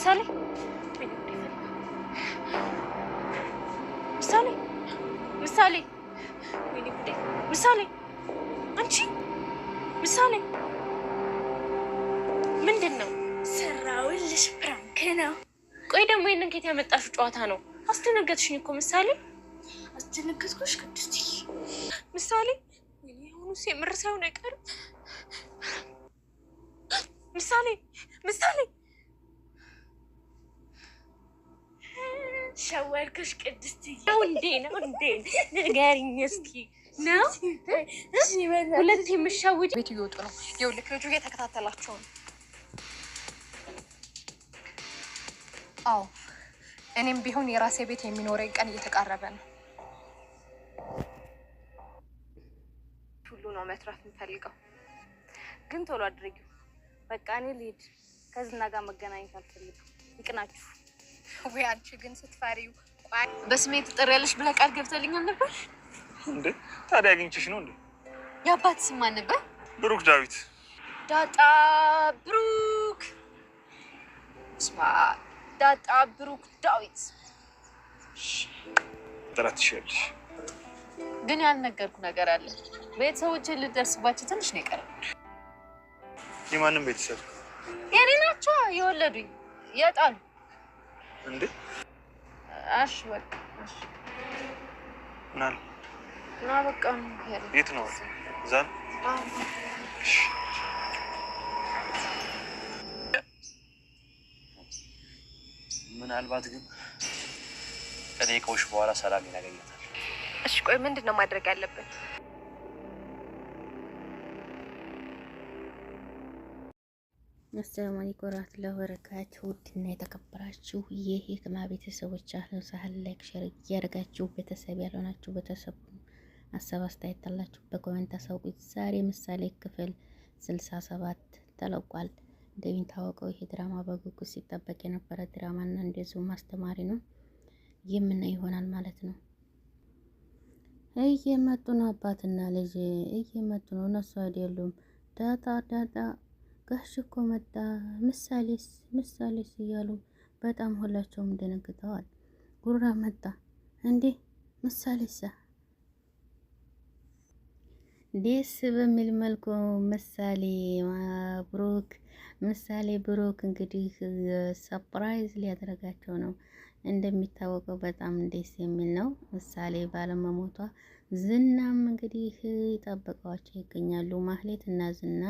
ምሳሌ ምሳሌ ምሳሌ ምሳሌ አንቺ ምሳሌ ምንድን ነው ሰራውልሽ? ፕራንክ ነው። ቆይ ደግሞ ይህንን ከየት ያመጣሽው ጨዋታ ነው? አስደነገጥሽኝ እኮ ምሳሌ። አስደነገጥኩሽ ምሳሌ ሳይሆን አይቀርም ምሳሌ ምሳሌ ሸወድከሽ ቅድስት ነው እንዴ? ነው እንዴ? ንገሪኝ እስኪ ነው ሁለት የምሻውጭ ቤት እየወጡ ነው። ይኸውልህ ልጁ እየተከታተላቸው ነው። አዎ እኔም ቢሆን የራሴ ቤት የሚኖረኝ ቀን እየተቃረበ ነው። ሁሉ ነው መትረፍ የምፈልገው፣ ግን ቶሎ አድርጊው። በቃ እኔ ልሂድ፣ ከዝና ጋር መገናኘት አልፈልግም። ይቅናችሁ። ወይ አንቺ ግን ስትፈሪው። በስሜት ትጠሪያለሽ ብለህ ቃል ገብተልኛል ነበር እንዴ? ታዲያ አግኝቼሽ ነው እንዴ? የአባት ስም ማን ነበር? ብሩክ ዳዊት። ዳጣ ብሩክ ስማ፣ ዳጣ ብሩክ ዳዊት ጥራት ትችላለሽ። ግን ያልነገርኩ ነገር አለ። ቤተሰቦች ልደርስባቸው ትንሽ ነው የቀረው። የማንም ቤተሰብ የኔ ናቸው የወለዱኝ የጣሉ እንዴ? እሺ በቃ እሺ። ናል ና በቃ ነው የት ነው? እዛ ነው። ምናልባት ግን እኔ ከውሽ በኋላ ሰላም ይናገኛታል። እሺ ቆይ ምንድን ነው ማድረግ ያለብን? አሰላሙ አለይኩም ወራህመቱላሂ ወበረካቱህ። ውድና የተከበራችሁ የሂክማ ቤተሰቦች አህለን ሳህል ላይክ ሸር እያደረጋችሁ ቤተሰብ ያልሆናችሁ ቤተሰብ ሀሳብ አስተያየት አላችሁ በኮሜንት አሳውቁኝ። ዛሬ ምሳሌ ክፍል ስልሳ ሰባት ተለቋል። እንደሚታወቀው ይሄ ድራማ በጉጉት ሲጠበቅ የነበረ ድራማና እንደዚሁ ማስተማሪ ነው የምናይ ይሆናል ማለት ነው። እየመጡ ነው አባትና ልጅ እየመጡ ነው። እነሱ አይደሉም ዳጣ ዳጣ ጋሽ እኮ መጣ፣ ምሳሌስ ምሳሌስ እያሉ በጣም ሁላቸውም ደነግጠዋል። ጉራ መጣ እንዴ ምሳሌሳ ደስ በሚል መልኩ ምሳሌ ብሩክ ምሳሌ ብሩክ እንግዲህ ሰፕራይዝ ሊያደርጋቸው ነው። እንደሚታወቀው በጣም ደስ የሚል ነው። ምሳሌ ባለመሞቷ ዝናም እንግዲህ ይጠብቀዋቸው ይገኛሉ። ማህሌት እና ዝና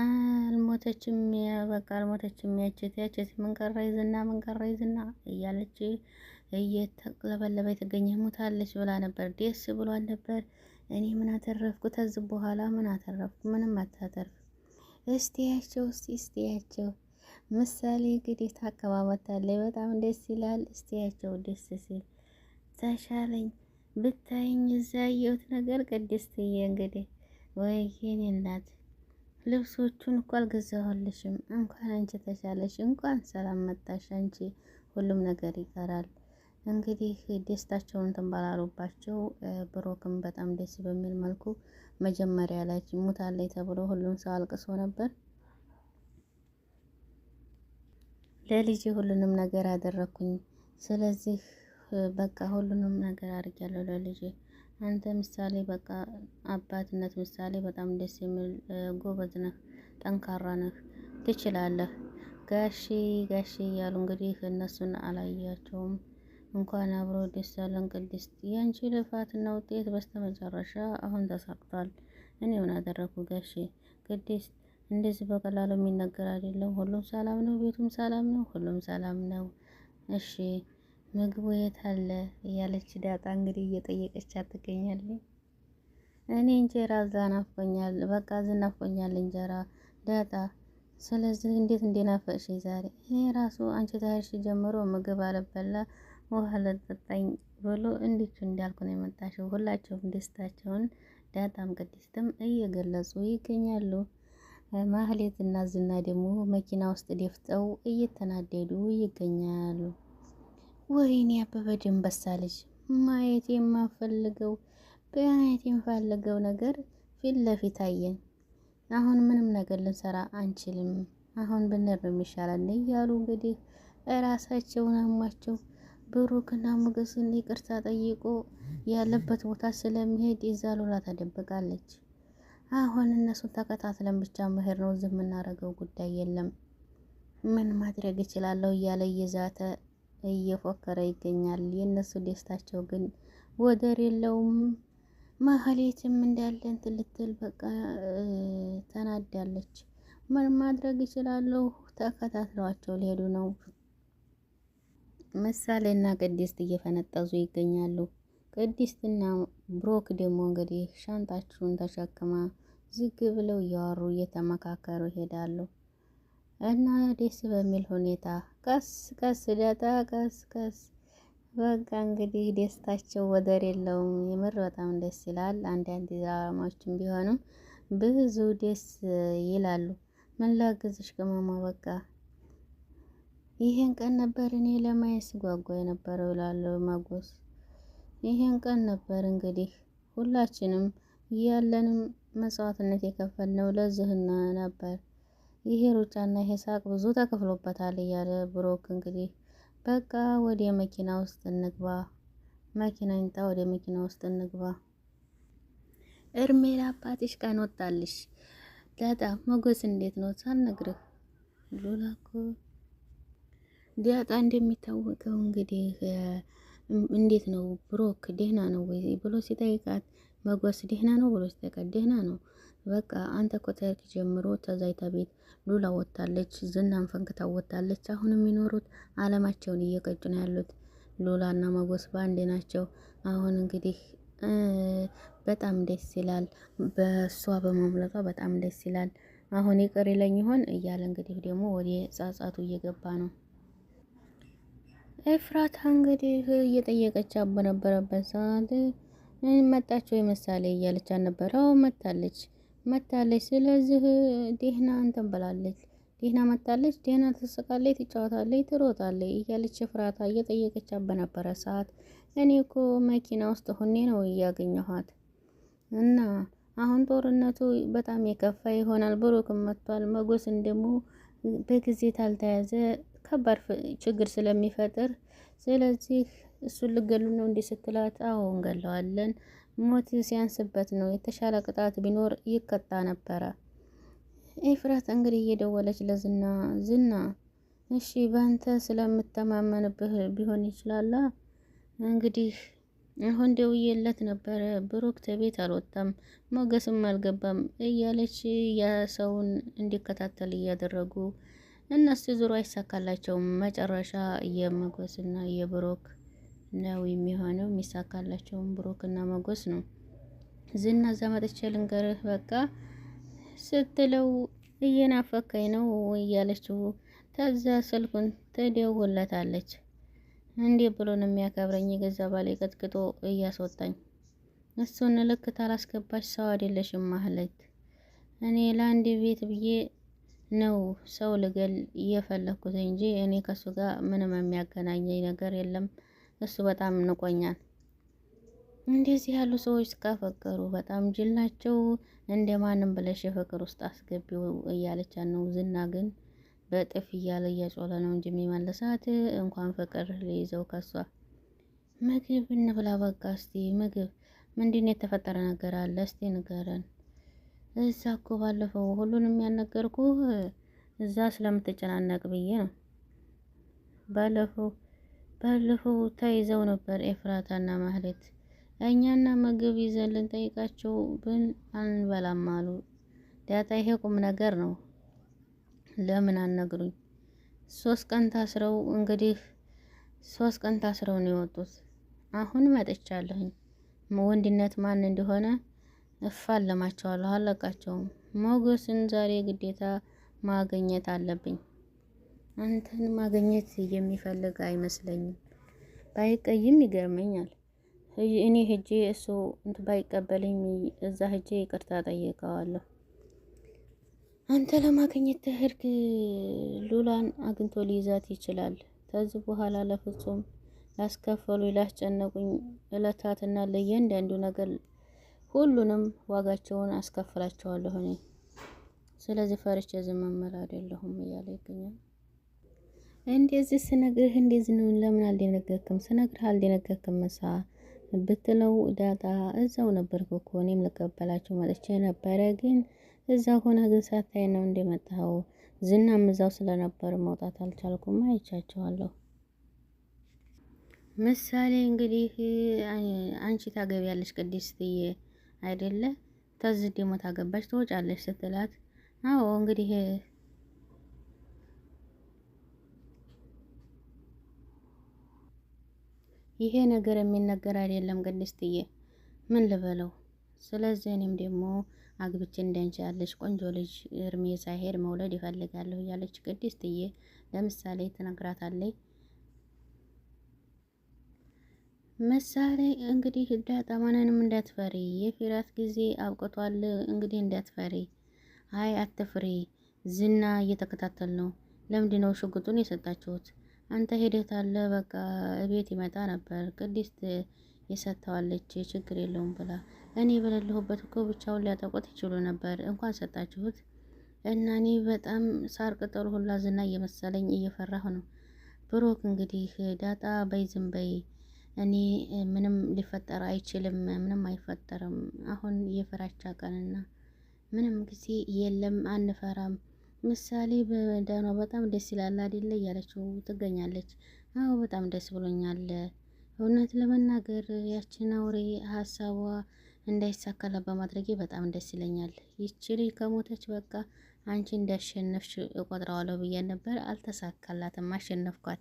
አልሞተችም፣ በቃ አልሞተችም። ያችት ያችት ምንቀራ ይዝና ምንቀራ ይዝና እያለች እየተቅለበለበ የተገኘ ሙታለች ብላ ነበር። ደስ ብሏል ነበር። እኔ ምን አተረፍኩ? ተዝ በኋላ ምን አተረፍኩ? ምንም አታተርፍ። እስቲያቸው እስቲ እስቲያቸው ምሳሌ እንግዲህ ታቀባበታለች። በጣም ደስ ይላል። እስቲያቸው ደስ ሲል ተሻለኝ ብታይኝ እዛ የውት ነገር ቅድስትዬ እንግዲህ ወይ የኔ እናት ልብሶቹን እኮ አልገዛሁልሽም። እንኳን አንቺ ተሻለሽ፣ እንኳን ሰላም መጣሽ አንቺ። ሁሉም ነገር ይቀራል። እንግዲህ ደስታቸውን ተንባላሉባቸው። ብሮክም በጣም ደስ በሚል መልኩ መጀመሪያ ላይ ሙታለች ተብሎ ሁሉም ሰው አልቅሶ ነበር። ለልጅ ሁሉንም ነገር አደረኩኝ። ስለዚህ በቃ ሁሉንም ነገር አድርጊያለሁ ለልጅ አንተ ምሳሌ በቃ አባትነት ምሳሌ በጣም ደስ የሚል ጎበዝ ነህ፣ ጠንካራ ነህ፣ ትችላለህ። ጋሺ ጋሺ እያሉ እንግዲህ እነሱን አላያቸውም። እንኳን አብሮ ደስ ያለን ቅድስት፣ ያንቺ ልፋትና ውጤት በስተመጨረሻ አሁን ተሳክቷል። እኔ ምን አደረኩ ጋሺ ቅድስት፣ እንደዚህ በቀላሉ የሚነገር አይደለም። ሁሉም ሰላም ነው፣ ቤቱም ሰላም ነው፣ ሁሉም ሰላም ነው። እሺ ምግቡ የት አለ እያለች ዳጣ እንግዲህ እየጠየቀች ትገኛለች። እኔ እንጀራ እዛ ናፍቆኛል፣ በቃ እዚህ ናፍቆኛል እንጀራ ዳጣ። ስለዚህ እንዴት እንደናፈቅሽ ዛሬ እኔ ራሱ አንቺ ታሽ ጀምሮ ምግብ አለበላ ውሃ ለጠጣኝ ብሎ እንዲቹ እንዳልኩ ነው የመጣሽው። ሁላቸውም ደስታቸውን ዳጣም ቅድስትም እየገለጹ ይገኛሉ። ማህሌት እና ዝና ደግሞ መኪና ውስጥ ደፍጠው እየተናደዱ ይገኛሉ። ወይኔ አበበ ደንበሳ ልጅ ማየት የማፈልገው በአይነት የምፈልገው ነገር ፊት ለፊት አየን። አሁን ምንም ነገር ልንሰራ አንችልም። አሁን ብንር የሚሻለን እያሉ እንግዲህ ራሳቸውን አሟቸው ብሩክና ሞገስን ይቅርታ ጠይቆ ያለበት ቦታ ስለሚሄድ የዛ ሎላ ተደብቃለች። አሁን እነሱን ተከታትለን ብቻ መሄድ ነው። እዚህ የምናደርገው ጉዳይ የለም። ምን ማድረግ እችላለሁ እያለ እየዛተ እየፎከረ ይገኛል። የእነሱ ደስታቸው ግን ወደር የለውም። ማህሌትም እንዳለ እንትን ልትል በቃ ተናዳለች። ምን ማድረግ ይችላለሁ? ተከታትለዋቸው ሊሄዱ ነው። ምሳሌና ቅድስት እየፈነጠዙ ይገኛሉ። ቅድስትና ብሮክ ደግሞ እንግዲህ ሻንጣችሁን ተሸክማ ዝግ ብለው እያወሩ እየተመካከሩ ይሄዳሉ። እና ደስ በሚል ሁኔታ ቀስ ቀስ ዳጣ ቀስ ቀስ በቃ እንግዲህ ደስታቸው ወደር የለውም። የምር በጣም ደስ ይላል። አንዳንድ ድራማዎችም ቢሆንም ብዙ ደስ ይላሉ። ምን ላግዝሽ ቅመማ? በቃ ይሄን ቀን ነበር እኔ ለማየት ስጓጓ የነበረው ይላሉ መጎስ። ይሄን ቀን ነበር እንግዲህ ሁላችንም ያለንም መስዋዕትነት የከፈልነው ለዚህና ነበር ይሄ ሩጫና ይሄ ሳቅ ብዙ ተከፍሎበታል እያለ ብሮክ እንግዲህ በቃ ወደ መኪና ውስጥ እንግባ፣ መኪና እንጣ፣ ወደ መኪና ውስጥ እንግባ። እርሜላ አባትሽ ቀን ወጣልሽ። ዳጣ ሞገስ እንዴት ነው ሳልነግርህ ሉላ እኮ ዳጣ እንደሚታወቀው እንግዲህ እንዴት ነው ብሮክ ደህና ነው ወይ ብሎ ሲጠይቃት፣ መጎስ ደህና ነው ብሎ ሲጠይቃት፣ ደህና ነው በቃ አንተ እኮ ተርክ ጀምሮ ተዛይታ ቤት ሉላ ወጣለች፣ ዝናን ፈንክታ ወጣለች። አሁን የሚኖሩት አለማቸውን እየቀጩ ነው ያሉት። እና መጎስ በአንዴ ናቸው። አሁን እንግዲህ በጣም ደስ ይላል። በእሷ በመምለጧ በጣም ደስ ይላል። አሁን ይቅር ይለኝ ይሆን እያለ እንግዲህ ደግሞ ወደ ጻጻቱ እየገባ ነው። ኤፍራታ እንግዲህ እየጠየቀች በነበረበት ሰዓት መጣች ወይ ምሳሌ እያለች አልነበረው መታለች። መታለች። ስለዚህ ዴህና እንትን ብላለች። መታለች። ዴህና ትስቃለች፣ ትጫወታለች፣ ትሮጣለች እያለች ፍራታ እየጠየቀች በነበረ ሰዓት እኔ እኮ መኪና ውስጥ ሁኔ ነው እያገኘኋት እና አሁን ጦርነቱ በጣም የከፋ ይሆናል። ብሩክም መጥቷል። መጎስን ደግሞ በጊዜ ታልተያዘ ከባድ ችግር ስለሚፈጥር ስለዚህ እሱን ልገሉ ነው እንዲህ ስትላት፣ አዎ እንገለዋለን ሞት ሲያንስበት ነው። የተሻለ ቅጣት ቢኖር ይቀጣ ነበረ። ኤፍራት እንግዲህ እየደወለች ለዝና ዝና እሺ በአንተ ስለምተማመንብህ ቢሆን ይችላል እንግዲህ አሁን ደውዬለት ነበረ። ብሩክ ተቤት አልወጣም፣ ሞገስም አልገባም እያለች ያ ሰውን እንዲከታተል እያደረጉ እነሱ ዙሮ አይሳካላቸውም። መጨረሻ የሞገስና የብሩክ ነው የሚሆነው። የሚሳካላቸውም እና መጎስ ነው። ዝና እዛ መጥቼ ልንገርህ በቃ ስትለው እየናፈከኝ ነው እያለችው ተዛ ስልኩን ትደውልለታለች። እንዴ ብሎ ነው የሚያከብረኝ የገዛ ባሌ ቀጥቅጦ እያስወጣኝ እሱን ልክ ታላስገባች ሰው አይደለሽም ማለት እኔ ለአንድ ቤት ብዬ ነው ሰው ልገል እየፈለኩት እንጂ እኔ ከሱ ጋር ምንም የሚያገናኘኝ ነገር የለም። እሱ በጣም ንቆኛል። እንደዚህ ያሉ ሰዎች እስካፈቀሩ በጣም ጅል እንደማንም እንደ ማንም ብለሽ የፍቅር ውስጥ አስገቢው እያለቻ ነው። ዝና ግን በጥፍ እያለ እያጮለ ነው እንጂ የሚመልሳት እንኳን ፍቅር ሊይዘው ከሷ ምግብ እንብላ በቃ እስቲ ምግብ ምንድን ነው የተፈጠረ ነገር አለ እስቲ ንገረን። እዛ እኮ ባለፈው ሁሉንም ያነገርኩ እዛ ስለምትጨናነቅ ብዬ ነው ባለፈው ባለፈው ተይዘው ነበር ኤፍራታና ማህሌት። እኛና ምግብ ይዘልን ጠይቃቸው ብን አንበላም አሉ። ዳጣ ይሄ ቁም ነገር ነው። ለምን አነግሩኝ? ሶስት ቀን ታስረው እንግዲህ ሶስት ቀን ታስረው ነው የወጡት። አሁን መጥቻለሁኝ። ወንድነት ማን እንደሆነ እፋለማቸዋለሁ። አለቃቸውም ሞገስን ዛሬ ግዴታ ማግኘት አለብኝ። አንተን ማግኘት የሚፈልግ አይመስለኝም። ባይቀይም ይገርመኛል። እኔ ሄጄ እሱ እንት ባይቀበለኝ እዛ ሄጄ ይቅርታ ጠይቀዋለሁ። አንተ ለማግኘት ተህርግ ሉላን አግኝቶ ሊይዛት ይችላል። ከዚህ በኋላ ለፍጹም ላስከፈሉ ላስጨነቁኝ እለታትና ለእያንዳንዱ ነገር ሁሉንም ዋጋቸውን አስከፍላቸዋለሁ እኔ ስለዚህ ፈርቼ ዝም እምል አይደለሁም እያለ ይገኛል። እንደዚህ ስነግርህ እንደዚህ ነው፣ ለምን አልደነገርክም? ስነግርህ አልደነገርክም መሳ ብትለው ዳጣ እዛው ነበርኩ እኮ እኔም ልቀበላቸው መጥቼ ነበረ፣ ግን እዛ ሆነ ግን ሳታይ ነው እንደመጣኸው። ዝናም እዛው ስለነበር መውጣት አልቻልኩም። አይቻቸዋለሁ። ምሳሌ እንግዲህ አንቺ ታገቢያለሽ ቅድስትዬ አይደለ? ተዝ ደግሞ ታገባሽ ትወጫለሽ ስትላት አዎ እንግዲህ ይሄ ነገር የሚነገር አይደለም ቅድስትዬ፣ ምን ልበለው። ስለዚህ እኔም ደግሞ አግብቼ እንዳንቺ ቆንጆ ልጅ እርሜ ሳይሄድ መውለድ ይፈልጋለሁ እያለች ቅድስትዬ ለምሳሌ ትነግራታለች። ምሳሌ እንግዲህ ዳጣ ማንንም እንዳትፈሪ፣ የፊራት ጊዜ አብቅቷል። እንግዲህ እንዳትፈሪ፣ አይ አትፍሪ፣ ዝና እየተከታተል ነው። ለምንድነው ሽጉጡን የሰጣችሁት? አንተ ሂደት አለ በቃ እቤት ይመጣ ነበር። ቅድስት የሰጥተዋለች ችግር የለውም ብላ እኔ በሌለሁበት እኮ ብቻውን ሊያጠቁት ይችሉ ነበር። እንኳን ሰጣችሁት እና እኔ በጣም ሳር ቅጠሉ ሁላ ዝና እየመሰለኝ እየፈራሁ ነው። ብሩክ እንግዲህ ዳጣ በይ ዝም በይ፣ እኔ ምንም ሊፈጠር አይችልም፣ ምንም አይፈጠርም። አሁን የፍራቻ ቀንና ምንም ጊዜ የለም፣ አንፈራም ምሳሌ በመዳኗ በጣም ደስ ይላል አይደለ? እያለችው ትገኛለች። አዎ በጣም ደስ ብሎኛል። እውነት ለመናገር ያችን አውሬ ሀሳቧ እንዳይሳካለ በማድረጌ በጣም ደስ ይለኛል። ይቺ ልጅ ከሞተች በቃ አንቺ እንዳሸነፍሽ እቆጥረዋለሁ ብዬ ነበር፣ አልተሳካላትም፣ አሸነፍኳት።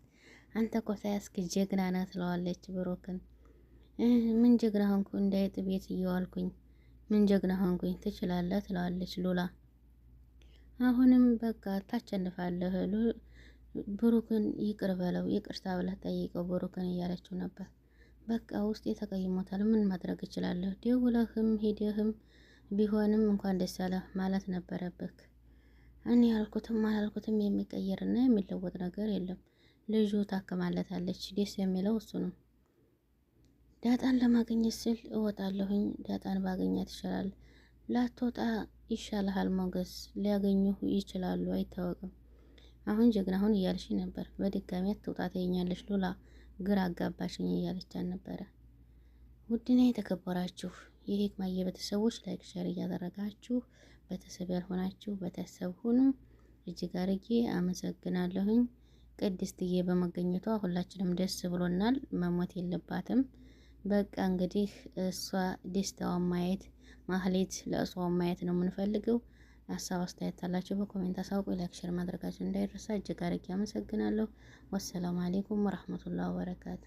አንተ ኮታ ያስክ ጀግና ናት ትለዋለች ብሩክን። ምን ጀግና ሆንኩ እንዳይጥ ቤት እየዋልኩኝ ምን ጀግና ሆንኩኝ ትችላለህ ትለዋለች ሉላ አሁንም በቃ ታሸንፋለህ ብሩክን ይቅር በለው ይቅርታ ብለህ ጠይቀው ብሩክን እያለችው ነበር። በቃ ውስጤ ተቀይሞታል። ምን ማድረግ እችላለሁ? ደውለህም ሂደህም ቢሆንም እንኳን ደስ ያለህ ማለት ነበረብህ። እኔ ያልኩትም አላልኩትም የሚቀየርና የሚለወጥ ነገር የለም። ልጁ ታከማለታለች። ደስ የሚለው እሱ ነው። ዳጣን ለማግኘት ስል እወጣለሁኝ። ዳጣን ባገኛት ይችላል። ላትወጣ ይሻልሃል ሞገስ ሊያገኙህ ይችላሉ አይታወቅም። አሁን ጀግና አሁን እያልሽ ነበር። በድጋሚ አትውጣተኛለሽ ሉላ ግራ አጋባሽኝ እያለቻን ነበረ። ውድና የተከበራችሁ የሂክማ የቤተሰቦች ላይክ፣ ሸር እያደረጋችሁ ቤተሰብ ያልሆናችሁ ቤተሰብ ሁኑ። እጅግ አርጌ አመሰግናለሁኝ። ቅድስትዬ በመገኘቷ ሁላችንም ደስ ብሎናል። መሞት የለባትም። በቃ እንግዲህ እሷ ደስታዋን ማየት ማህሌት ለእሷ ማየት ነው የምንፈልገው። ሀሳብ አስተያየት አላቸው በኮሜንት አሳውቁ። ላይክ ሼር ማድረጋቸው እንዳይረሳ። እጅግ አድርጌ አመሰግናለሁ። ወሰላሙ አሌይኩም ወረህመቱላህ ወበረካቱ